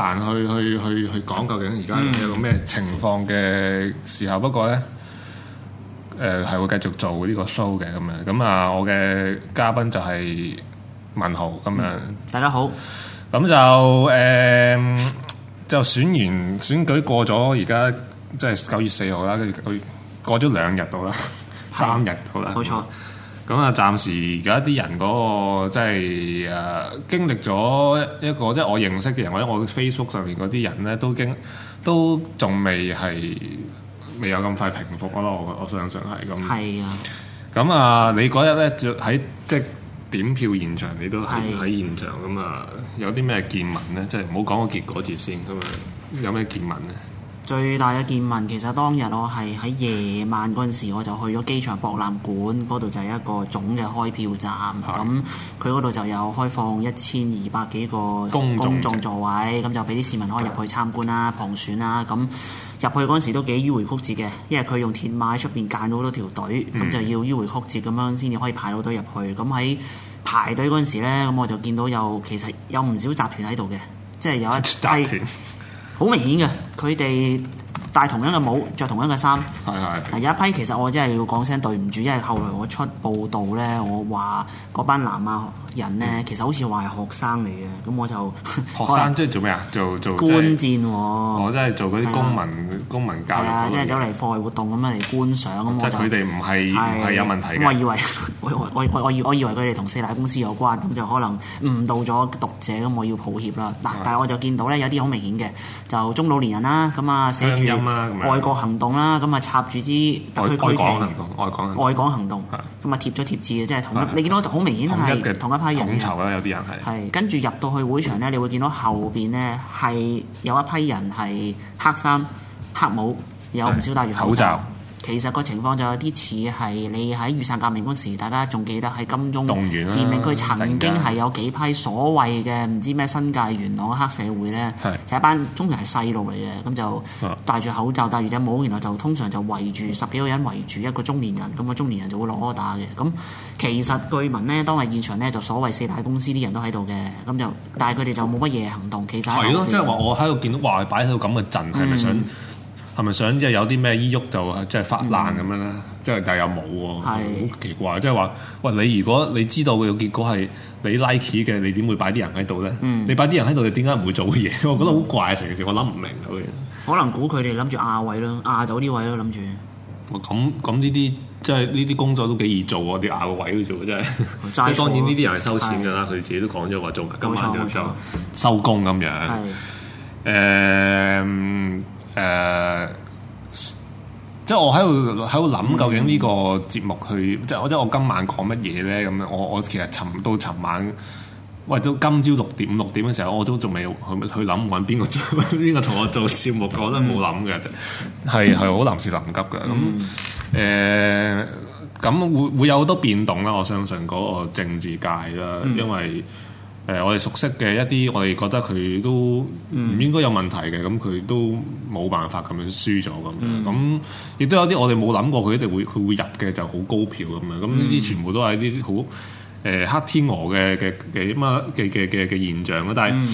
難去去去去講究竟而家有個咩情況嘅時候，嗯、不過咧，誒、呃、係會繼續做呢個 show 嘅咁樣。咁啊，我嘅嘉賓就係文豪咁樣、嗯。大家好，咁就誒、呃，就選完選舉過咗，而家即係九月四號啦，跟住佢過咗兩日到啦，的 三日到啦，冇錯。咁啊，暫時有一啲人嗰、嗰個即係誒經歷咗一個，即係我認識嘅人或者我 Facebook 上面嗰啲人咧，都經都仲未係未有咁快平復咯。我我相信係咁。係啊，咁啊的、呃，你嗰日咧就喺即係點票現場，你都喺現場咁啊的，有啲咩見聞咧？即係唔好講個結果住先咁啊，有咩見聞咧？嗯最大嘅見聞，其實當日我係喺夜晚嗰陣時，我就去咗機場博覽館嗰度，就係一個總嘅開票站。咁佢嗰度就有開放一千二百幾個公眾座位，咁就俾啲市民可以入去參觀啦、旁的選啦。咁入去嗰陣時都幾迂迴曲折嘅，因為佢用鐵馬喺出邊間咗好多條隊，咁、嗯、就要迂迴曲折咁樣先至可以排到隊入去。咁喺排隊嗰陣時呢，咁我就見到有其實有唔少集團喺度嘅，即係有一團 好明顯嘅，佢哋。戴同樣嘅帽，着同樣嘅衫。係係。有一批，其實我真係要講聲對唔住，因為後來我出報道咧，我話嗰班南亞人咧，其實好似話係學生嚟嘅，咁我就學生能即係做咩啊？做做觀戰喎。我真係做嗰啲公民、啊、公民教即係、啊就係、走嚟課外活動咁樣嚟觀賞咁。即佢哋唔係唔係有問題嘅。我以為我我我我以為佢哋同四大公司有關，咁就可能誤導咗讀者，咁我要抱歉啦。嗱，但係的我就見到咧，有啲好明顯嘅，就中老年人啦，咁啊寫住。外國行動啦，咁啊插住支特區區旗，愛港行動，愛港行動，咁啊貼咗貼紙嘅，即係同一，你見到好明顯係同一批人湧啦，有啲人係。係跟住入到去會場咧，你會見到後邊咧係有一批人係黑衫、黑帽，有唔少戴住口罩。其實個情況就有啲似係你喺雨傘革命嗰時，大家仲記得喺金鐘佔領佢曾經係有幾批所謂嘅唔知咩新界元朗黑社會呢。是就一班中人係細路嚟嘅，咁就戴住口罩戴住頂帽，然後就通常就圍住十幾個人圍住一個中年人，咁個中年人就會攞打嘅。咁其實據聞呢，當日現場呢，就所謂四大公司啲人都喺度嘅，咁就但係佢哋就冇乜嘢行動。其實係咯的，即係話我喺度見到話擺喺度咁嘅陣，係咪想？嗯係咪想即係有啲咩依喐就即係發爛咁樣咧？即係但係又冇喎，好奇怪！即係話，喂你如果你知道嘅結果係你 like 嘅，你點會擺啲人喺度咧？你擺啲人喺度，你點解唔會做嘢？我覺得好怪。成件事我諗唔明。可能估佢哋諗住亞位咯，亞走啲位咯，諗住。咁咁呢啲即係呢啲工作都幾易做喎，啲亞位嘅啫，即係當然呢啲人係收錢㗎啦，佢哋自己都講咗話做嘅，今晚就收工咁樣。係。誒。誒，uh, 即係我喺度喺度諗究竟呢個節目去，嗯、即係我即係我今晚講乜嘢咧？咁樣我我其實尋到尋晚，為咗今朝六點五六點嘅時候，我都仲未去去諗搵邊個做，邊個同我做節目，我都冇諗嘅啫。係係好臨時臨急嘅，咁誒、嗯、咁、呃、會會有好多變動啦。我相信嗰個政治界啦，嗯、因為。誒，我哋熟悉嘅一啲，我哋覺得佢都唔應該有問題嘅，咁佢都冇辦法咁樣輸咗咁樣。咁亦都有啲我哋冇諗過佢一定會佢會入嘅，就好高票咁樣。咁呢啲全部都係啲好誒黑天鵝嘅嘅嘅乜嘅嘅嘅嘅現象咯。但係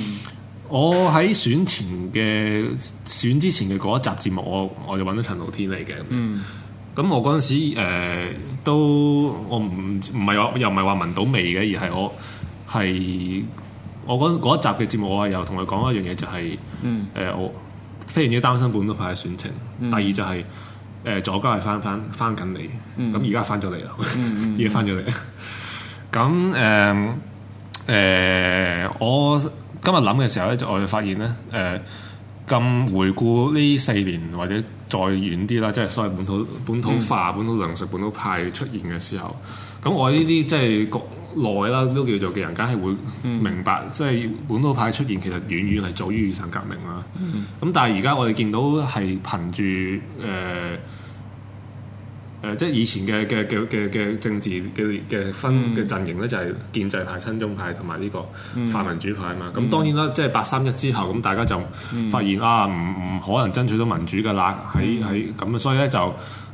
我喺選前嘅選之前嘅嗰一集節目，我我就揾到陳浩天嚟嘅。咁我嗰陣時都我唔唔係話又唔係話聞到味嘅，而係我。係我嗰嗰一集嘅節目，我又同佢講一樣嘢，就是，就係誒我非常之擔心本土派嘅選情。嗯、第二就係、是、誒、呃、左家係翻翻翻緊嚟，咁而家翻咗嚟啦，而家翻咗嚟。咁誒誒，我今日諗嘅時候咧，我就我發現咧，誒、嗯、咁回顧呢四年或者再遠啲啦，即係所謂本土本土化、本土，嗯、本土糧食、本土派出現嘅時候，咁我呢啲即係國。內啦，都叫做嘅人，梗係會明白，嗯、即係本土派出現，其實遠遠係早於雨傘革命啦。咁、嗯、但係而家我哋見到係憑住誒誒，即係以前嘅嘅嘅嘅嘅政治嘅嘅分嘅、嗯、陣營咧，就係建制派、親中派同埋呢個泛民主派啊嘛。咁、嗯、當然啦，即係八三一之後，咁大家就發現、嗯、啊，唔唔可能爭取到民主噶啦，喺喺咁啊，所以咧就。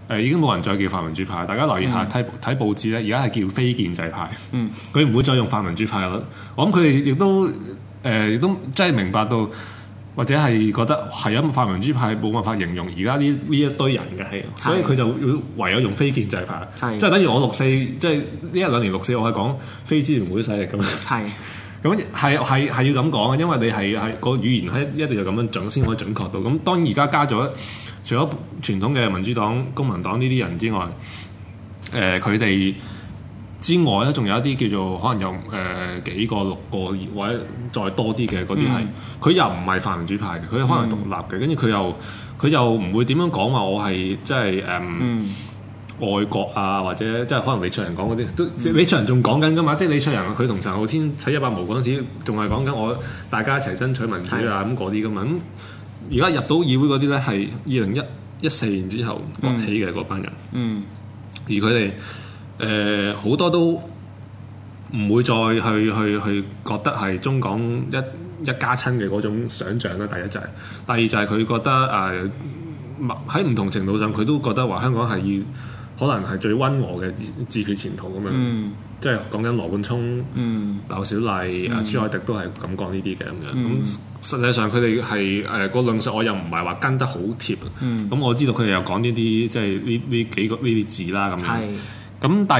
誒已經冇人再叫泛民主派，大家留意下睇睇、嗯、報紙咧，而家係叫非建制派。嗯，佢唔會再用泛民主派啦。我諗佢哋亦都誒亦、呃、都真係明白到，或者係覺得係因泛民主派冇辦法形容而家呢呢一堆人嘅係，的所以佢就唯有用非建制派。即係的等於我六四，即係呢一兩年六四，我係講非支聯會勢力嘅咁。係的，咁係係係要咁講嘅，因為你係係個語言係一定要咁樣準先可以準確到。咁當然而家加咗。除咗傳統嘅民主黨、公民黨呢啲人之外，誒佢哋之外咧，仲有一啲叫做可能有誒、呃、幾個、六個，或者再多啲嘅嗰啲係，佢、嗯、又唔係泛民主派嘅，佢可能獨立嘅，跟住佢又佢又唔會點樣講話，我係即係誒外國啊，或者即係可能李卓人講嗰啲，都、嗯、李卓人仲講緊噶嘛，即係李卓人佢同陳浩天喺一百毛嗰陣時仲係講緊我、嗯、大家一齊爭取民主啊咁啲噶嘛咁。這樣 樣而家入到議會嗰啲咧，係二零一一四年之後崛起嘅嗰、嗯、班人。嗯，而佢哋誒好多都唔會再去去去覺得係中港一一家親嘅嗰種想像啦。第一就係、是，第二就係佢覺得誒，喺、呃、唔同程度上佢都覺得話香港係可能係最溫和嘅自決前途咁樣。嗯、即係講緊羅冠聰、嗯、劉小麗、阿朱、嗯、凱迪都係咁講呢啲嘅咁樣。嗯嗯嗯。實際上佢哋係誒個論述，我又唔係話跟得好貼。嗯。咁我知道佢哋又講呢啲即係呢呢幾個呢啲字啦咁樣。係。咁是第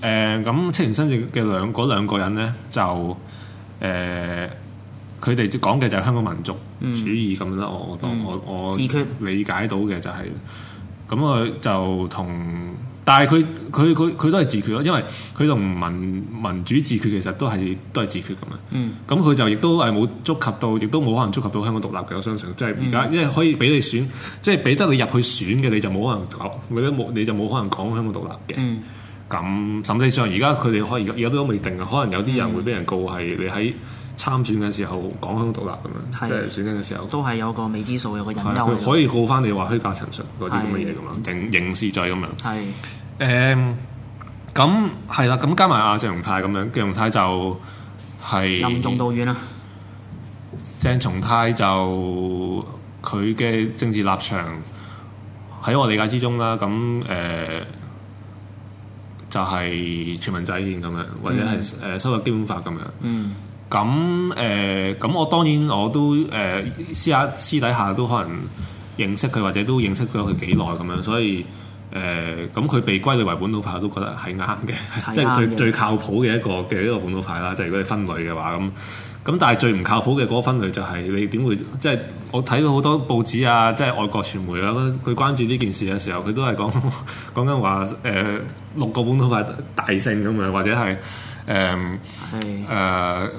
二誒咁《呃、青年新政》嘅兩嗰兩個人咧，就誒佢哋講嘅就係香港民族主義咁啦、嗯。我、嗯、我我我理解到嘅就係、是、咁，我就同。但係佢佢佢佢都係自決咯，因為佢同民民主自決其實都係都係自決咁樣。嗯，咁佢就亦都係冇觸及到，亦都冇可能觸及到香港獨立嘅我相信，即係而家，因為可以俾你選，即係俾得你入去選嘅，你就冇可能講，你冇你就冇可能講香港獨立嘅。嗯，咁甚至上而家佢哋可以，而家都未定可能有啲人會俾人告係你喺參選嘅時候講香港獨立咁樣，即係選舉嘅時候都係有個未知數，有個隱憂，可以告翻你話虛假陳述嗰啲咁嘅嘢咁樣，刑事罪咁樣。係。誒，咁係啦，咁加埋阿鄭松泰咁樣，鄭松泰就係任重道遠啦。鄭松泰就佢嘅政治立場喺我理解之中啦，咁誒就係全民制憲咁樣，或者係誒修改基本法咁樣。嗯。咁誒，咁我當然我都誒私下私底下都可能認識佢，或者都認識咗佢幾耐咁樣，所以。誒咁佢被歸類為本土派，我都覺得係啱嘅，即係最最靠譜嘅一個嘅一個本土派啦。即係如果你分類嘅話，咁咁但係最唔靠譜嘅嗰個分類就係你點會？即係我睇到好多報紙啊，即係外國傳媒啦、啊，佢關注呢件事嘅時候，佢都係講講緊話誒六個本土派大勝咁樣，或者係誒誒。呃是呃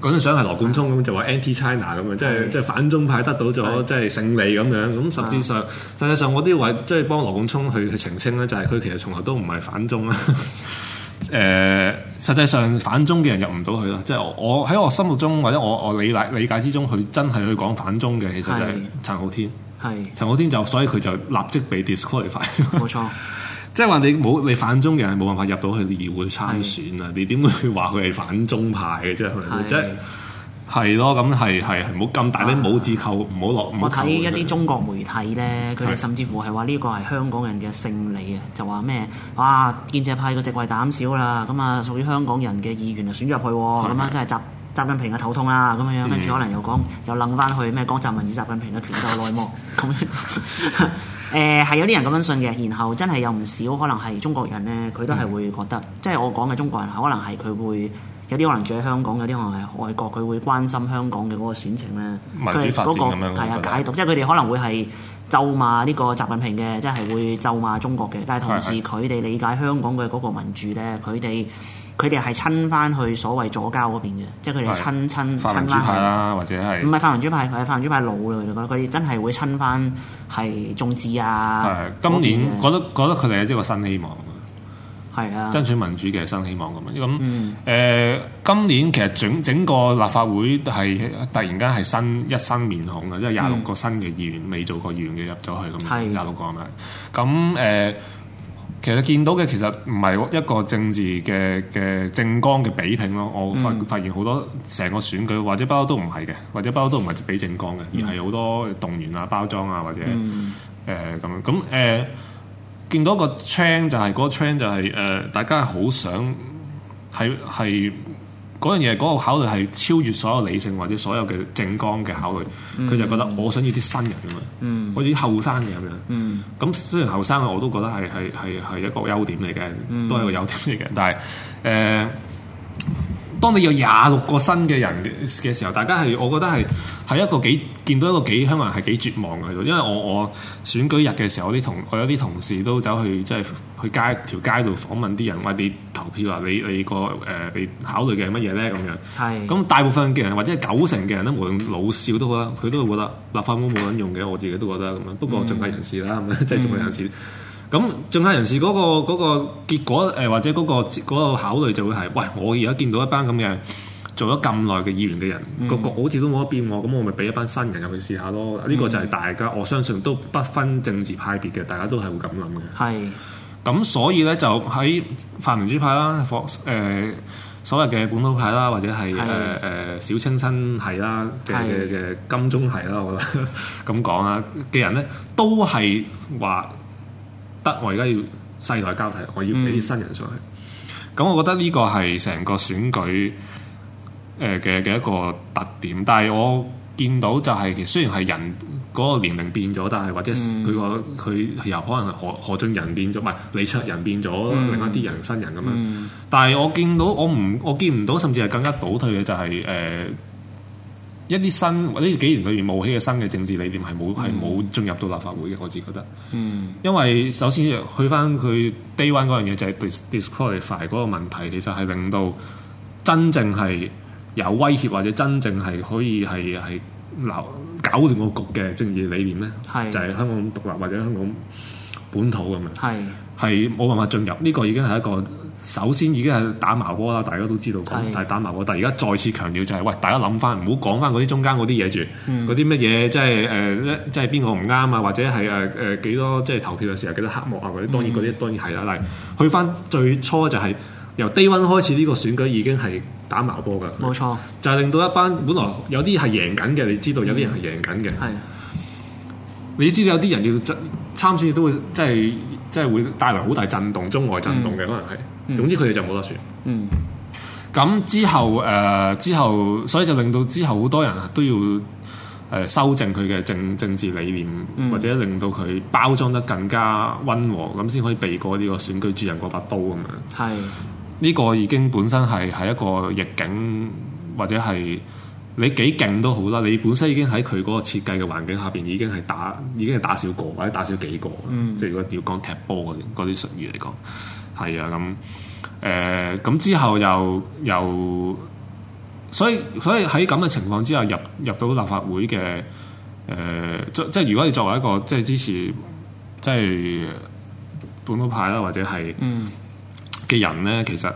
嗰張相係羅冠聰咁的就話 anti China 咁樣，的即係即係反中派得到咗的即係勝利咁樣。咁實際上的實際上我都要話即係幫羅冠聰去去澄清咧，就係、是、佢其實從來都唔係反中啦。誒、 呃，實際上反中嘅人入唔到去咯。即、就、係、是、我喺我心目中或者我我理解理解之中，佢真係去講反中嘅，其實就係陳浩天。係的陳浩天就所以佢就立即被 disqualify。冇錯。即係話你冇你反中人係冇辦法入到去議會參選啊！是你點會話佢係反中派嘅啫？即係係咯，咁係係係，唔好咁大啲冇字扣，唔好落。我睇一啲中國媒體咧，佢哋的甚至乎係話呢個係香港人嘅勝利啊！就話咩？哇！建制派嘅席位減少啦，咁啊屬於香港人嘅議員就選入去，咁啊真係習習近平嘅頭痛啦，咁樣樣跟住可能又講又冷翻去咩？江澤民與習近平嘅權鬥內幕咁。 誒係、呃、有啲人咁樣信嘅，然後真係有唔少可能係中國人咧，佢都係會覺得，嗯、即係我講嘅中國人，可能係佢會有啲可能住喺香港，有啲可能係外國，佢會關心香港嘅嗰個選情咧。民主發展係啊，解讀，是即係佢哋可能會係咒罵呢個習近平嘅，即、就、係、是、會咒罵中國嘅。但係同時，佢哋理解香港嘅嗰個民主咧，佢哋。佢哋係親翻去所謂左膠嗰邊嘅，即係佢哋親親親翻去啦，或者係唔係泛民主派？佢係泛民主派老嚟嘅，佢哋真係會親翻係眾志啊！係今年、啊、覺得覺得佢哋係一個新希望啊！啊的！爭取民主嘅新希望咁啊！咁誒、嗯呃，今年其實整整個立法會係突然間係新一新面孔啊。即係廿六個新嘅議員未、嗯、做過議員嘅入咗去咁廿六個啊嘛！咁誒。其實見到嘅其實唔係一個政治嘅嘅政綱嘅比拼咯，我發、嗯、發現好多成個選舉或者包都唔係嘅，或者包都唔係比政綱嘅，嗯、而係好多動員啊、包裝啊或者誒咁樣咁誒，見到個 trend 就係、是、嗰、那個 trend 就係、是、誒、呃、大家好想係係。嗰樣嘢，嗰、嗰個考慮係超越所有理性或者所有嘅正當嘅考慮，佢、嗯、就覺得我想要啲新人咁樣，好似啲後生嘅咁樣。咁、嗯、雖然後生嘅我都覺得係係係係一個優點嚟嘅，嗯、都係個優點嚟嘅，但係誒，呃嗯當你有廿六個新嘅人嘅時候，大家係，我覺得係係一個幾見到一個幾香港人係幾絕望嘅度，因為我我選舉日嘅時候，我啲同我有啲同事都走去即係、就是、去街條街度訪問啲人，話你投票啊，你你個誒、呃、你考慮嘅係乜嘢咧咁樣？係是。咁大部分嘅人或者九成嘅人都無論老少都好啦，佢都會覺得立法會冇卵用嘅，我自己都覺得咁樣。不過盡快人事啦，咁即係盡快人事。嗯咁政界人士嗰、嗰個嗰、嗰個、結果誒、呃，或者嗰、嗰個嗰個考慮就會係：喂，我而家見到一班咁嘅做咗咁耐嘅議員嘅人，嗯、個局好似都冇得變喎，咁我咪俾一班新人入去試下咯。呢、呢個就係大家、嗯、我相信都不分政治派別嘅，大家都係會咁諗嘅。係是。咁所以咧，就喺泛民主派啦，或、呃、所謂嘅本土派啦，或者係誒誒小清新系啦嘅嘅金鐘系啦，我覺得咁講啊嘅人咧，都係話。得我而家要世代交替，我要俾啲新人上去。咁、嗯、我覺得呢個係成個選舉誒嘅嘅一個特點。但係我見到就係、是，雖然係人嗰個年齡變咗，但係或者佢個佢由可能何何俊仁變咗，唔係李卓人變咗，嗯、另一啲人新人咁樣。嗯嗯、但係我見到我唔我見唔到，甚至係更加倒退嘅就係、是、誒。呃一啲新或者幾年裏面冒起嘅新嘅政治理念係冇係冇進入到立法會嘅，我自己覺得。嗯。因為首先去返佢 Day One 嗰樣嘢就係 disqualify 嗰個問題，其實係令到真正係有威脅或者真正係可以係係鬧搞掂個局嘅政治理念咩？係是就係香港獨立或者香港本土咁樣。係是。係冇辦法進入呢、這個已經係一個。首先已經係打麻波啦，大家都知道。是但係打麻波。但係而家再次強調就係、是，喂，大家諗翻，唔好講翻嗰啲中間嗰啲嘢住，嗰啲乜嘢即係誒，即係邊個唔啱啊？或者係誒誒幾多即係投票嘅時候幾多黑幕啊？嗰啲當然嗰啲、嗯、當然係啦。但係去翻最初就係、是、由 day one 開始呢個選舉已經係打麻波㗎。冇錯，就係令到一班本來有啲係贏緊嘅，你知道有啲人係贏緊嘅。係、嗯，是你知道有啲人要參選都會即係即係會帶來好大震動，中外震動嘅、嗯、可能係。總之佢哋就冇得選。嗯。咁之後誒、呃，之後所以就令到之後好多人啊都要誒、呃、修正佢嘅政政治理念，嗯、或者令到佢包裝得更加温和，咁先可以避過呢個選舉主任嗰把刀咁樣。係。呢個已經本身係係一個逆境，或者係你幾勁都好啦。你本身已經喺佢嗰個設計嘅環境下邊，已經係打，已經係打少個或者打少幾個。嗯、即係如果要講踢波嗰啲嗰啲術語嚟講。係啊，咁誒，咁、呃、之後又又，所以所以喺咁嘅情況之下，入入到立法會嘅誒、呃，即即係如果你作為一個即係支持即係本土派啦，或者係嘅人咧，嗯、其實誒、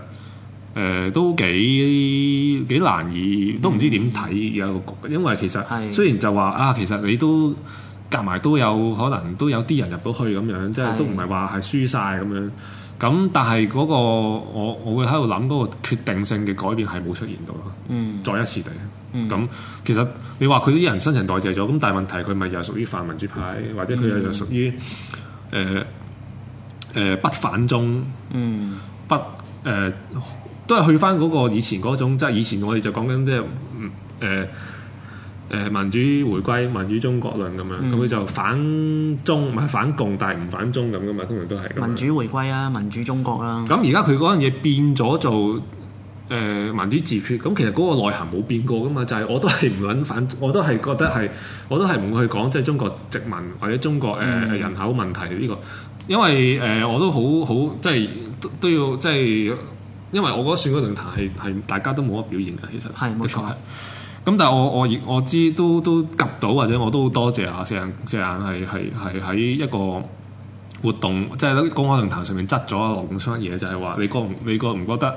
呃、都幾幾難以，都唔知點睇有一個局，因為其實雖然就話是的 啊，其實你都夾埋都有可能都有啲人入到去咁樣，即係都唔係話係輸晒咁樣。咁但係嗰個我我會喺度諗嗰個決定性嘅改變係冇出現到咯，嗯，再一次地，嗯，咁其實你話佢啲人新陳代謝咗，咁但係問題佢咪又屬於泛民主派，嗯、或者佢又又屬於誒誒、嗯呃呃呃、不反中，嗯，不誒、呃、都係去翻嗰個以前嗰種，即係以前我哋就講緊即係嗯誒民主回歸、民主中國論咁樣，咁佢、嗯、就反中唔係反共，但係唔反中咁噶嘛，通常都係。民主回歸啊，民主中國啦、啊。咁而家佢嗰樣嘢變咗做誒、呃、民主自決，咁其實嗰個內涵冇變過噶嘛，就係、是、我都係唔揾反，我都係覺得係，嗯、我都係唔去講即係、就是、中國殖民或者中國誒、呃嗯、人口問題呢、這個，因為誒、呃、我都好好即係都，都要即係，因為我覺得選舉論壇係係大家都冇乜表現噶，其實係冇錯。咁但係我我我知都都及到或者我都多謝阿石眼眼係係係喺一個活動，即係喺公開論壇上面質咗阿羅冠聰乜嘢就係、是、話你覺唔你覺唔覺得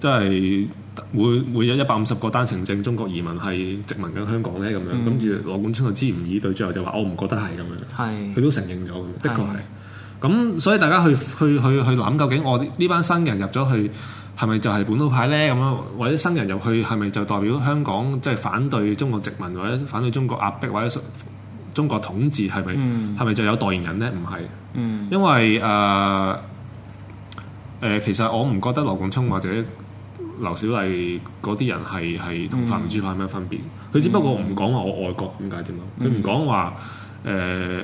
即係每每日一百五十個單程證中國移民係殖民緊香港咧咁樣？跟住、嗯、羅冠聰就支吾以對，最後就話我唔覺得係咁樣，佢是都承認咗。是的確係咁，所以大家去去去去諗，去去究竟我呢班新人入咗去，係咪就係本土派呢？咁樣或者新人入去，係咪就代表香港即係、就是、反對中國殖民，或者反對中國壓迫，或者中國統治？係咪？係咪、嗯、就有代言人呢？唔係。嗯、因為誒、呃呃、其實我唔覺得羅冠聰或者劉小麗嗰啲人係係同泛民主派有咩分別？佢、嗯、只不過唔講話我愛國點解啫。佢唔講話誒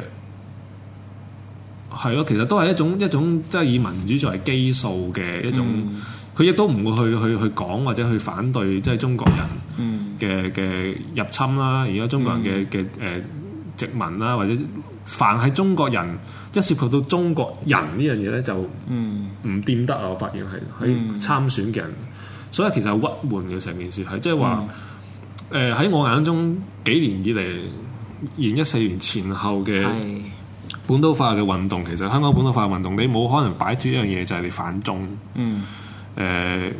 係咯。其實都係一種一種即係以民主作為基數嘅一種。嗯佢亦都唔會去去去講或者去反對，即係中國人嘅嘅、嗯、入侵啦。而家中國人嘅嘅誒殖民啦，或者凡係中國人一涉及到中國人呢樣嘢咧，就唔掂得啊！我發現係喺參選嘅人，所以其實好鬱悶嘅成件事係，即係話誒喺我眼中幾年以嚟二零一四年前後嘅本土化嘅運動，的其實香港本土化運動你冇可能擺脱一樣嘢，就係你反中。嗯嗯誒、呃，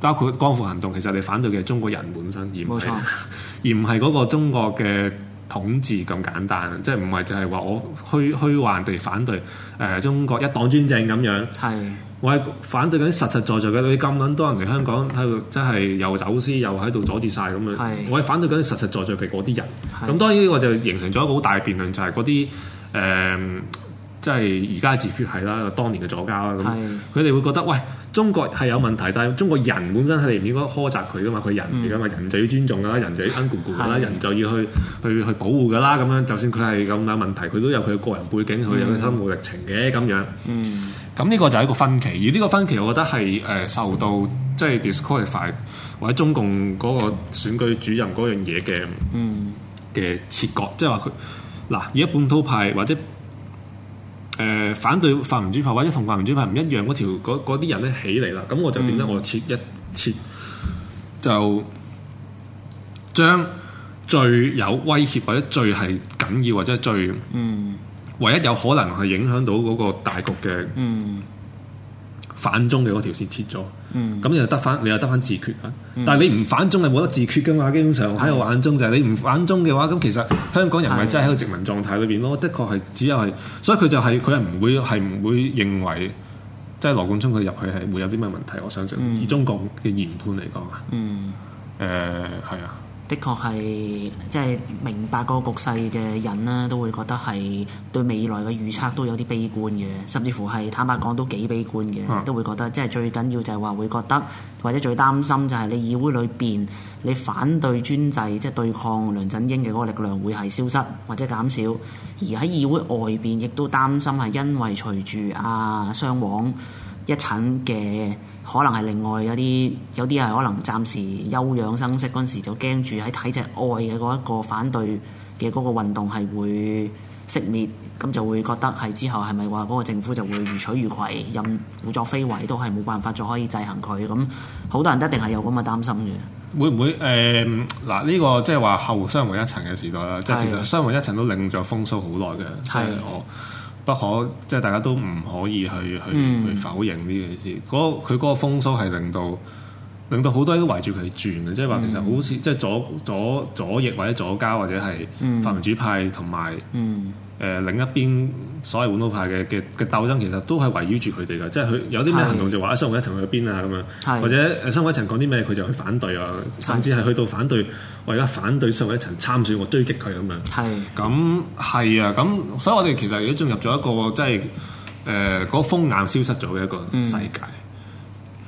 包括光復行動，其實你反對嘅中國人本身，而唔係錯而唔係嗰個中國嘅統治咁簡單，即係唔係就係話我虛虛幻地反對誒、呃、中國一黨專政咁樣。係是，我係反對緊實實在在嘅嗰啲咁撚多人嚟香港喺度，嗯、真係又走私又喺度阻住晒咁樣。是我係反對緊實實在在嘅嗰啲人。係是，咁當然我就形成咗一個好大嘅辯論，就係嗰啲誒，即係而家自決係啦，當年嘅左膠，啦咁，佢哋會覺得喂，中國係有問題，但係中國人本身係唔應該苛責佢噶嘛？佢人嚟噶嘛？嗯、人就要尊重啦，人就要恩故故啦，嗯、人就要去去去保護噶啦咁樣。就算佢係咁有問題，佢都有佢個人背景，佢、嗯、有佢生活歷程嘅咁樣。咁呢、嗯、個就係一個分歧。而呢個分歧，我覺得係誒、呃、受到即係 disqualify 或者中共嗰個選舉主任嗰樣嘢嘅，嘅、嗯、切割，即係話佢嗱，而家半土派或者。誒、呃、反對泛民主派或者同泛民主派唔一樣嗰條嗰啲人咧起嚟啦，咁我就點咧？嗯、我切切就切一切，就將最有威脅或者最係緊要或者最、嗯、唯一有可能係影響到嗰個大局嘅。嗯嗯反中嘅嗰條線切咗，咁、嗯、你就得翻，你又得翻自決啊！嗯、但係你唔反中係冇得自決嘅嘛。基本上喺我眼中就係、是、你唔反中嘅話，咁其實香港人咪真係喺個殖民狀態裏邊咯。的，的確係只有係，所以佢就係佢係唔會係唔 會認為，即、就、係、是、羅冠聰佢入去係會有啲咩問題。我相信、嗯、以中國嘅研判嚟講啊，誒係啊。呃的確係即係明白嗰個局勢嘅人呢，都會覺得係對未來嘅預測都有啲悲觀嘅，甚至乎係坦白講都幾悲觀嘅，嗯、都會覺得即係最緊要就係話會覺得，或者最擔心就係你議會裏邊你反對專制即係、就是、對抗梁振英嘅嗰個力量會係消失或者減少，而喺議會外邊亦都擔心係因為隨住啊，雙王一診嘅。可能係另外有啲有啲人係可能暫時休養生息嗰陣時，就驚住喺體制外嘅嗰一個反對嘅嗰個運動係會熄滅，咁就會覺得係之後係咪話嗰個政府就會予取予攜，任胡作非為都係冇辦法再可以制衡佢？咁好多人一定係有咁嘅擔心嘅。會唔會誒？嗱、呃，呢、這個即係話後商環一層嘅時代啦，是的 即係其實商環一層都領咗風騷好耐嘅，係我。不可，即係大家都唔可以去去、嗯、去否認呢件事。嗰佢嗰個風騷係令到令到好多人都圍住佢轉，嘅，即係話其實好似、嗯、即係左左左翼或者左膠或者係泛民主派同埋，嗯有誒另一邊，所謂本土派嘅嘅嘅鬥爭，其實都係圍繞住佢哋嘅，即係佢有啲咩行動就話，新委一層去邊啊？咁樣，或者新委一層講啲咩，佢就去反對啊，甚至係去到反對，為咗反對新委一層參選，我追擊佢咁樣。係，咁係啊，咁所以我哋其實已經進入咗一個即係誒嗰風眼消失咗嘅一個世界。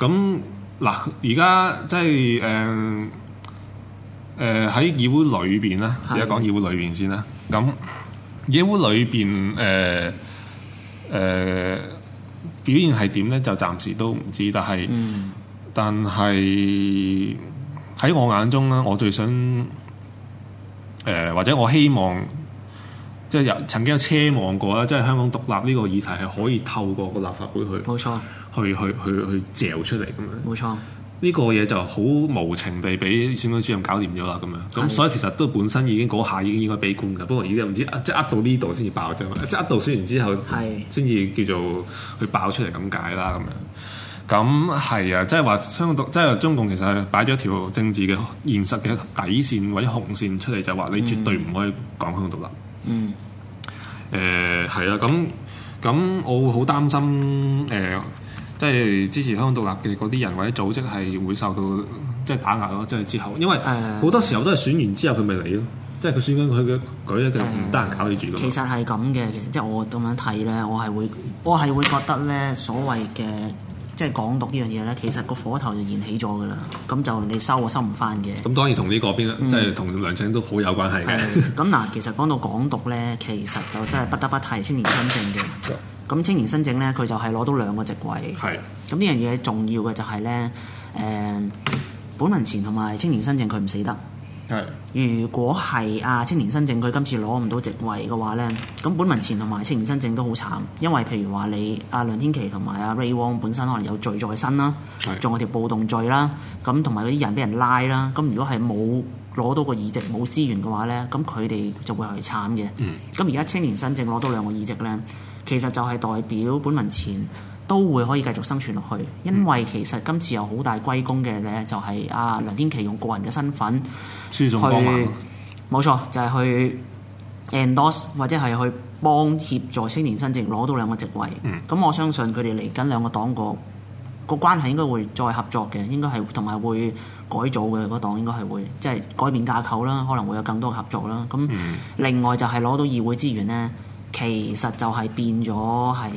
咁嗱，而家即係誒誒喺議會裏邊啦，而家講議會裏邊先啦，咁。野烏裏邊誒表現係點咧？就暫時都唔知，但係、嗯、但係喺我眼中咧，我最想誒、呃、或者我希望即係有曾經有奢望過啦，即係香港獨立呢個議題係可以透過個立法會去冇錯去，去去去去嚼出嚟咁樣冇錯。呢個嘢就好無情地俾選舉主任搞掂咗啦，咁樣咁所以其實都本身已經嗰下已經應該悲觀嘅，不過而家唔知即係壓,壓到呢度先至爆啫嘛，即係壓到選完之後先至是的 叫做去爆出嚟咁解啦，咁樣咁係啊，即係話香港即係中共其實擺咗一條政治嘅現實嘅底線或者紅線出嚟，就係話你絕對唔可以講香港獨立。嗯,嗯、呃，誒係啊，咁咁我會好擔心誒。呃即係支持香港獨立嘅嗰啲人或者組織係會受到即係打壓咯，即係之後，因為好多時候都係選完之後佢咪嚟咯，即係佢選緊佢嘅舉一佢唔得閒搞呢啲嘢。其實係咁嘅，其實即係我咁樣睇咧，我係會我係會覺得咧，所謂嘅即係港獨呢樣嘢咧，其實個火頭就燃起咗噶啦，咁就你收我收唔翻嘅。咁、嗯嗯、當然同呢、這個邊即係同梁振英都好有關係嘅。咁嗱、嗯嗯嗯嗯，其實講到港獨咧，其實就真係不得不提青年新政嘅。嗯嗯咁青年新政咧，佢就係攞到兩個席位。係的，咁呢樣嘢重要嘅就係、是、咧，誒、呃，本民前同埋青年新政佢唔死得。係的。如果係阿青年新政佢今次攞唔到席位嘅話咧，咁本民前同埋青年新政都好慘，因為譬如話你阿梁天琦同埋阿 Ray Wong 本身可能有罪在身啦，仲的有條暴動罪啦，咁同埋嗰啲人俾人拉啦，咁如果係冇攞到個議席冇資源嘅話咧，咁佢哋就會係慘嘅。咁而家青年新政攞到兩個議席咧。其實就係代表本民前都會可以繼續生存落去，因為其實今次有好大歸功嘅咧，就係阿梁天琦用個人嘅身份去，冇、嗯、錯就係、是、去 endorse 或者係去幫協助青年新政攞到兩個席位。咁、嗯、我相信佢哋嚟緊兩個黨個個關係應該會再合作嘅，應該係同埋會改組嘅嗰黨應該係會即係、就是、改變架構啦，可能會有更多合作啦。咁另外就係攞到議會資源呢。其實就係變咗係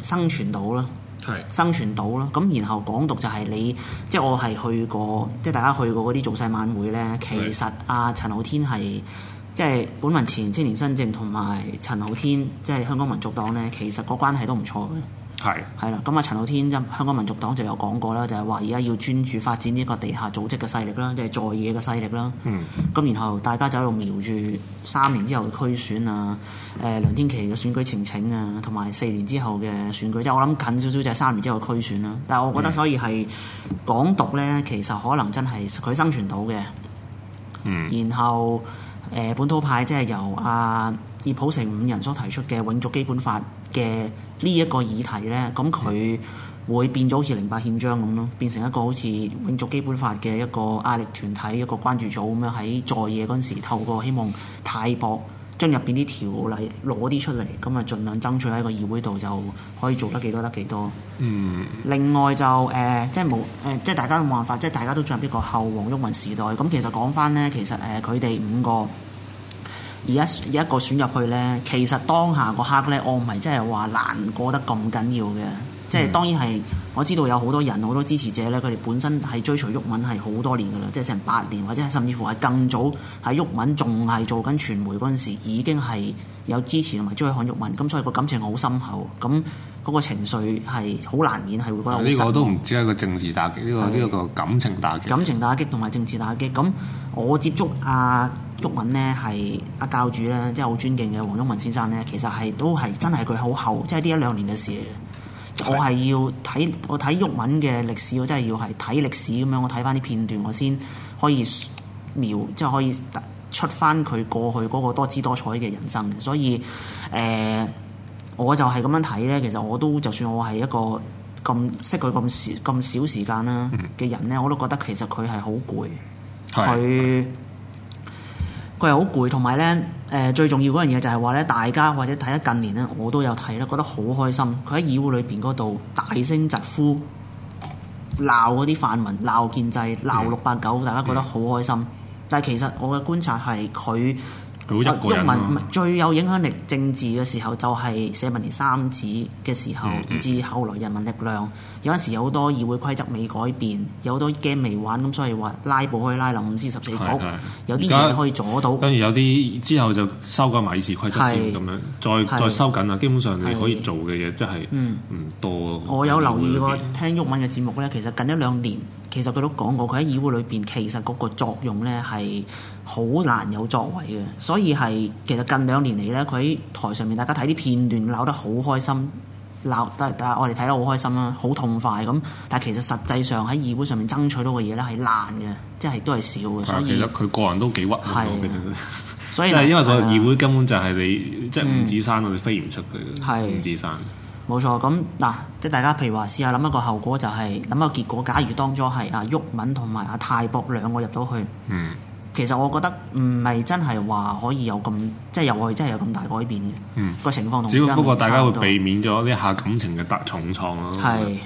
生存到囉，是的 生存到囉。咁然後港獨就係你，即係我係去過，即係大家去過嗰啲造勢晚會咧。其實阿、啊、陳浩天係即係本民前青年新政同埋陳浩天即係、就是、香港民族黨咧，其實個關係都唔錯嘅。係係啦，咁啊陳浩天，香港民族黨就有講過啦，就係話而家要專注發展呢個地下組織嘅勢力啦，即係在野嘅勢力啦。嗯，咁然後大家就喺度瞄住三年之後嘅區選啊，誒梁天琦嘅選舉情情啊，同埋四年之後嘅選舉，即係我諗近少少就係三年之後區選啦。但係我覺得所以係港獨呢，其實可能真係佢生存到嘅。嗯。然後誒本土派即係由阿。啊而普城五人所提出嘅《永續基本法》嘅呢一個議題呢，咁佢的會變咗好似零八憲章咁咯，變成一個好似《永續基本法》嘅一個壓力團體、一個關注組咁樣，喺在野嗰陣時，透過希望泰博將入邊啲條例攞啲出嚟，咁啊盡量爭取喺個議會度就可以做得幾多得幾多。嗯。另外就誒、呃，即係冇誒，即係大家都冇辦法，即係大家都進入一個後黃毓民時代。咁、嗯、其實講翻呢，其實誒佢哋五個。而一而一個選入去呢，其實當下個刻呢，我唔係真係話難過得咁緊要嘅，嗯、即係當然係我知道有好多人好多支持者呢，佢哋本身係追隨毓民係好多年㗎喇，即係成八年或者甚至乎係更早喺毓民仲係做緊傳媒嗰陣時，已經係有支持同埋追看毓民，咁所以個感情好深厚，咁嗰個情緒係好難免係會覺得。呢個都唔只係一個政治打擊，呢、呢個呢個的個感情打擊，感情打擊同埋政治打擊。咁我接觸啊。毓民呢係阿教主咧，即係好尊敬嘅黃毓民先生呢，其實係都係真係佢好後，即係呢一兩年嘅事。的我係要睇我睇毓民嘅歷史，我真係要係睇歷史咁樣，我睇翻啲片段，我先可以描，即係可以出翻佢過去嗰個多姿多彩嘅人生。所以誒、呃，我就係咁樣睇呢。其實我都就算我係一個咁識佢咁少咁少時間啦嘅人呢，嗯、我都覺得其實佢係好攰，佢的。他佢係好攰，同埋咧誒，最重要嗰樣嘢就係話咧，大家或者睇得近年咧，我都有睇咧，覺得好開心。佢喺議會裏邊嗰度大聲疾呼鬧嗰啲泛民鬧建制鬧六八九，89, Yeah. 大家覺得好開心。但係其實我嘅觀察係佢。喐民、啊、最有影響力政治嘅時，時候，就係社民連三子嘅時候，嗯、以至後來人民力量。有陣時有好多議會規則未改變，有好多 game 未玩，咁所以話拉布可以拉到五至十四局。有啲嘢可以阻到。跟住有啲之後就修改埋議事規則添對，咁樣再再收緊啦。基本上係可以做嘅嘢，即係唔多。我有留意過聽喐文嘅節目咧、嗯，其實近一兩年。其實佢都講過，佢喺議會裏邊其實嗰個作用咧係好難有作為嘅，所以係其實近兩年嚟咧，佢喺台上面大家睇啲片段鬧得好開心，鬧得，我哋睇得好開心啦，好痛快咁。但係其實實際上喺議會上面爭取到嘅嘢咧係難嘅，即係都係少嘅。係其實佢個人都幾屈嘅，所以，但係、啊就係、 因為個議會根本就係你即係五指山，我哋、嗯、飛唔出佢嘅、係、五指山。冇錯，咁嗱，即係大家譬如話試下諗一個後果、就是，就係諗一個結果。假如當初係阿毓民同埋阿泰博兩個入到去，嗯、其實我覺得唔係真係話可以有咁，即、就、係、是、有去，真係有咁大改變嘅。嗯，個情況同只不過大家會避免咗一下感情嘅重創咯。係，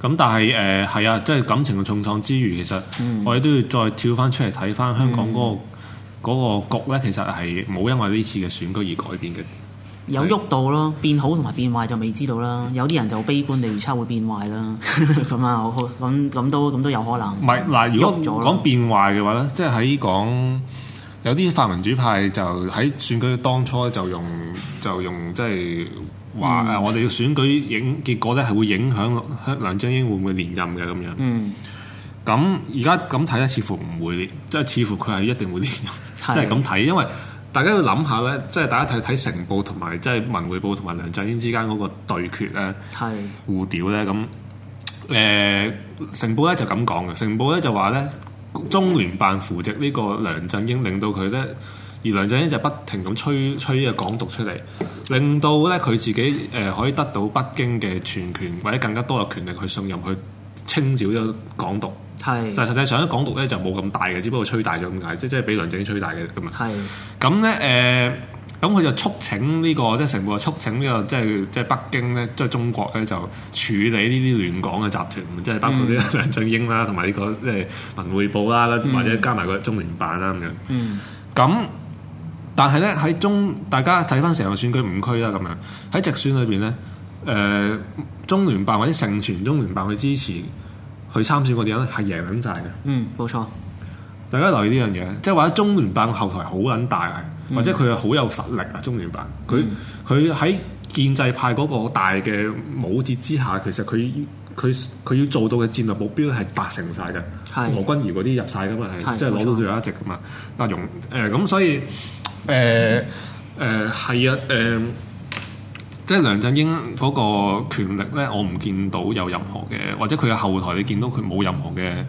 咁是但係誒係啊，即、就、係、是、感情嘅重創之餘，其實、嗯、我哋都要再跳翻出嚟睇翻香港嗰、那個嗯、個局咧，其實係冇因為呢次嘅選舉而改變嘅。有喐到咯，變好同埋變壞就未知道啦。有啲人就悲觀地預測會變壞啦。咁 啊，咁咁都咁都有可能。唔係，嗱，如果講變壞嘅話咧，即係喺講有啲泛民主派就喺選舉當初就用就用即係話誒，我哋嘅選舉影結果咧係會影響梁振英會唔會連任嘅咁樣。嗯。咁而家咁睇咧，似乎唔會，即係似乎佢係一定會連任，即係咁睇，因為。大家要諗下咧，即係大家睇睇《成報》同埋即係《文匯報》同埋梁振英之間嗰個對決咧，互屌咧咁。誒，《成、呃、報》咧就咁講嘅，《成報》咧就話咧，中聯辦扶植呢個梁振英，令到佢咧，而梁振英就不停咁吹吹呢個港獨出嚟，令到咧佢自己誒、呃、可以得到北京嘅全權或者更加多嘅權力去信任去清剿咗港獨。係，但係實際上咧，港獨咧就冇咁大嘅，只不過吹大咗咁解，即係即係俾梁振英吹大嘅咁嘛。係是的，咁咧誒，咁佢就促請呢、這個，即係成部個促請呢、這個，即係即係北京咧，即係中國咧，就處理呢啲亂港嘅集團，即係包括呢梁振英啦，同埋呢個即係文匯報啦，或者加埋個中聯辦啦咁樣。嗯。咁，但係咧喺中，大家睇翻成個選舉五區啦，咁樣喺直選裏邊咧，誒、呃、中聯辦或者盛傳中聯辦去支持，佢參選嗰啲人係贏撚晒嘅，嗯，冇錯。大家留意呢樣嘢，即係話中聯辦個後台好撚大，嗯、或者佢又好有實力啊！中聯辦，佢佢喺建制派嗰個大嘅武節之下，其實佢佢佢要做到嘅戰略目標係達成晒嘅。何是君堯嗰啲入晒噶嘛，係即係攞到最後一席噶嘛。阿容誒咁、呃，所以誒誒係啊誒。呃即係梁振英嗰個權力咧，我唔見到有任何嘅，或者佢嘅後台你見到佢冇任何嘅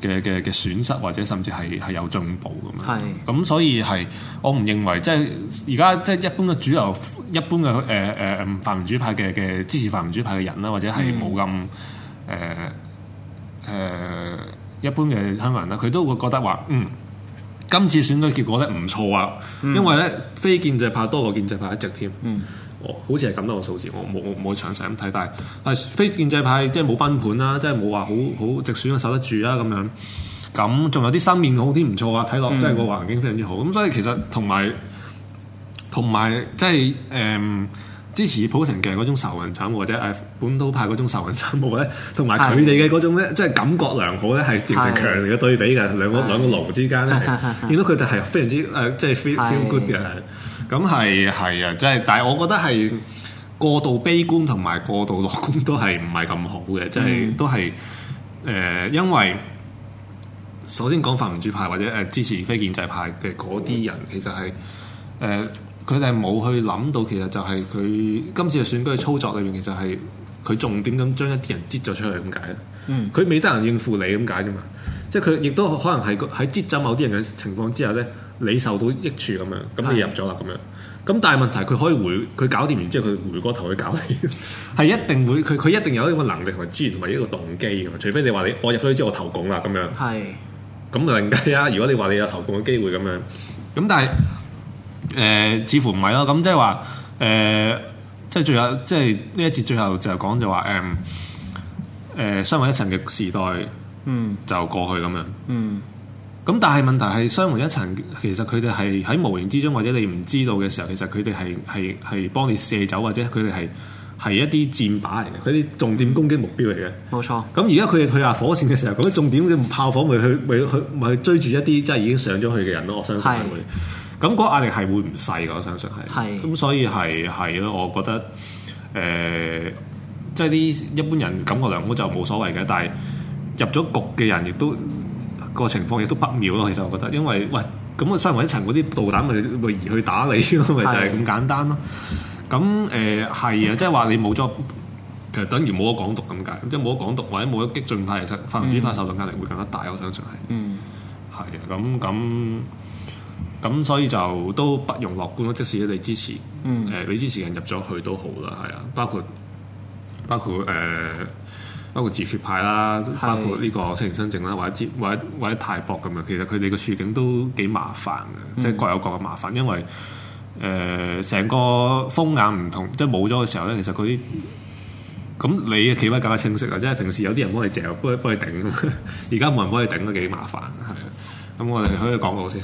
嘅嘅嘅損失，或者甚至係係有進步嘅嘛。係咁是，所以係我唔認為，即係而家即係一般嘅主流，一般嘅誒誒泛民主派嘅嘅支持泛民主派嘅人啦，或者係冇咁誒誒一般嘅香港人啦，佢都會覺得話，嗯，今次選舉結果咧唔錯啊，嗯、因為咧非建制派多過建制派一席添。嗯好似係咁多個數字，我冇我冇去詳細咁睇，there, 但係係非建制派，即係冇崩盤啦，即係冇話好好直選守得住啦咁樣。咁仲有啲新面好啲唔錯啊，睇落即係個環境非常之好。咁、嗯嗯嗯、所以其實同埋同埋即係誒支持普選嘅嗰種愁雲慘霧或者誒本土派嗰種愁雲慘霧咧，同埋佢哋嘅嗰種咧，即係感覺良好咧，係形成強烈嘅對比嘅、嗯、兩個喇喇喇兩個爐之間咧，見到佢哋係非常之誒，即係 feel feel good 嘅。services 咁係係啊，即係，但係我覺得係過度悲觀同埋過度樂觀都係唔係咁好嘅，即係、嗯、都係誒、呃，因為首先講泛民主派或者誒支持非建制派嘅嗰啲人，其實係誒，佢哋係冇去諗到，其實就係佢今次嘅選舉操作裏面，其實係佢重點咁將一啲人擠咗出去咁解，嗯，佢未得閒應付你咁解啫嘛，即係佢亦都可能係喺擠走某啲人嘅情況之下咧。你受到益處咁樣，咁你入咗啦咁樣，咁是的 但係問題佢可以回佢搞掂完之後，佢回過頭去搞你，係一定會佢佢一定有一個能力同埋資源同埋一個動機嘅，除非你話你我入咗之後我投共啦咁樣，係，咁就另計啊！如果你話你有投共嘅機會咁樣，咁但係，誒、呃、似乎唔係咯，咁即係話，誒、呃、即係最後即係呢一節最後就係講就話，誒、嗯，誒、呃，新嘅一層嘅時代，嗯，就過去咁樣，嗯。咁但係問題係雙門一層，其實佢哋係喺無形之中，或者你唔知道嘅時候，其實佢哋係係係幫你射走，或者佢哋係係一啲箭靶嚟嘅，佢啲重點攻擊目標嚟嘅。冇沒錯。咁而家佢哋退下火線嘅時候，嗰啲重點嘅炮火咪去咪去咪去追住一啲即係已經上咗去嘅人咯，我相信會。咁嗰是 壓力係會唔細㗎，我相信係。係。咁所以係係咯，我覺得，誒、呃，即係啲一般人感覺良好就冇所謂嘅，但係入咗局嘅人亦都。個情況亦都不妙咯，其實我覺得，因為喂咁個身為一層嗰啲導彈咪咪而去打你咪的 就係咁簡單咯。咁誒係啊，即係話你冇咗，其實等於冇咗港獨咁解，即係冇咗港獨或者冇咗激進派，其實泛民主派受到壓力會更加大，我相信係。嗯，係啊，咁咁咁，所以就都不容樂觀咯。即、就、使、是、你支持，誒、嗯呃、你支持人入咗去都好啦，係啊，包括包括誒。包括自決派啦，是包括呢個西營新政啦，或者之，或者或者泰博咁樣，其實佢哋個處境都幾麻煩嘅，即係、嗯、各有各嘅麻煩，因為誒成、呃、個風眼唔同，即係冇咗嘅時候咧，其實佢咁你嘅企位更加清晰啊！即係平時有啲人幫你掟，幫你幫你頂，而家冇人幫你頂都幾麻煩，係啊！咁我哋可以講到先。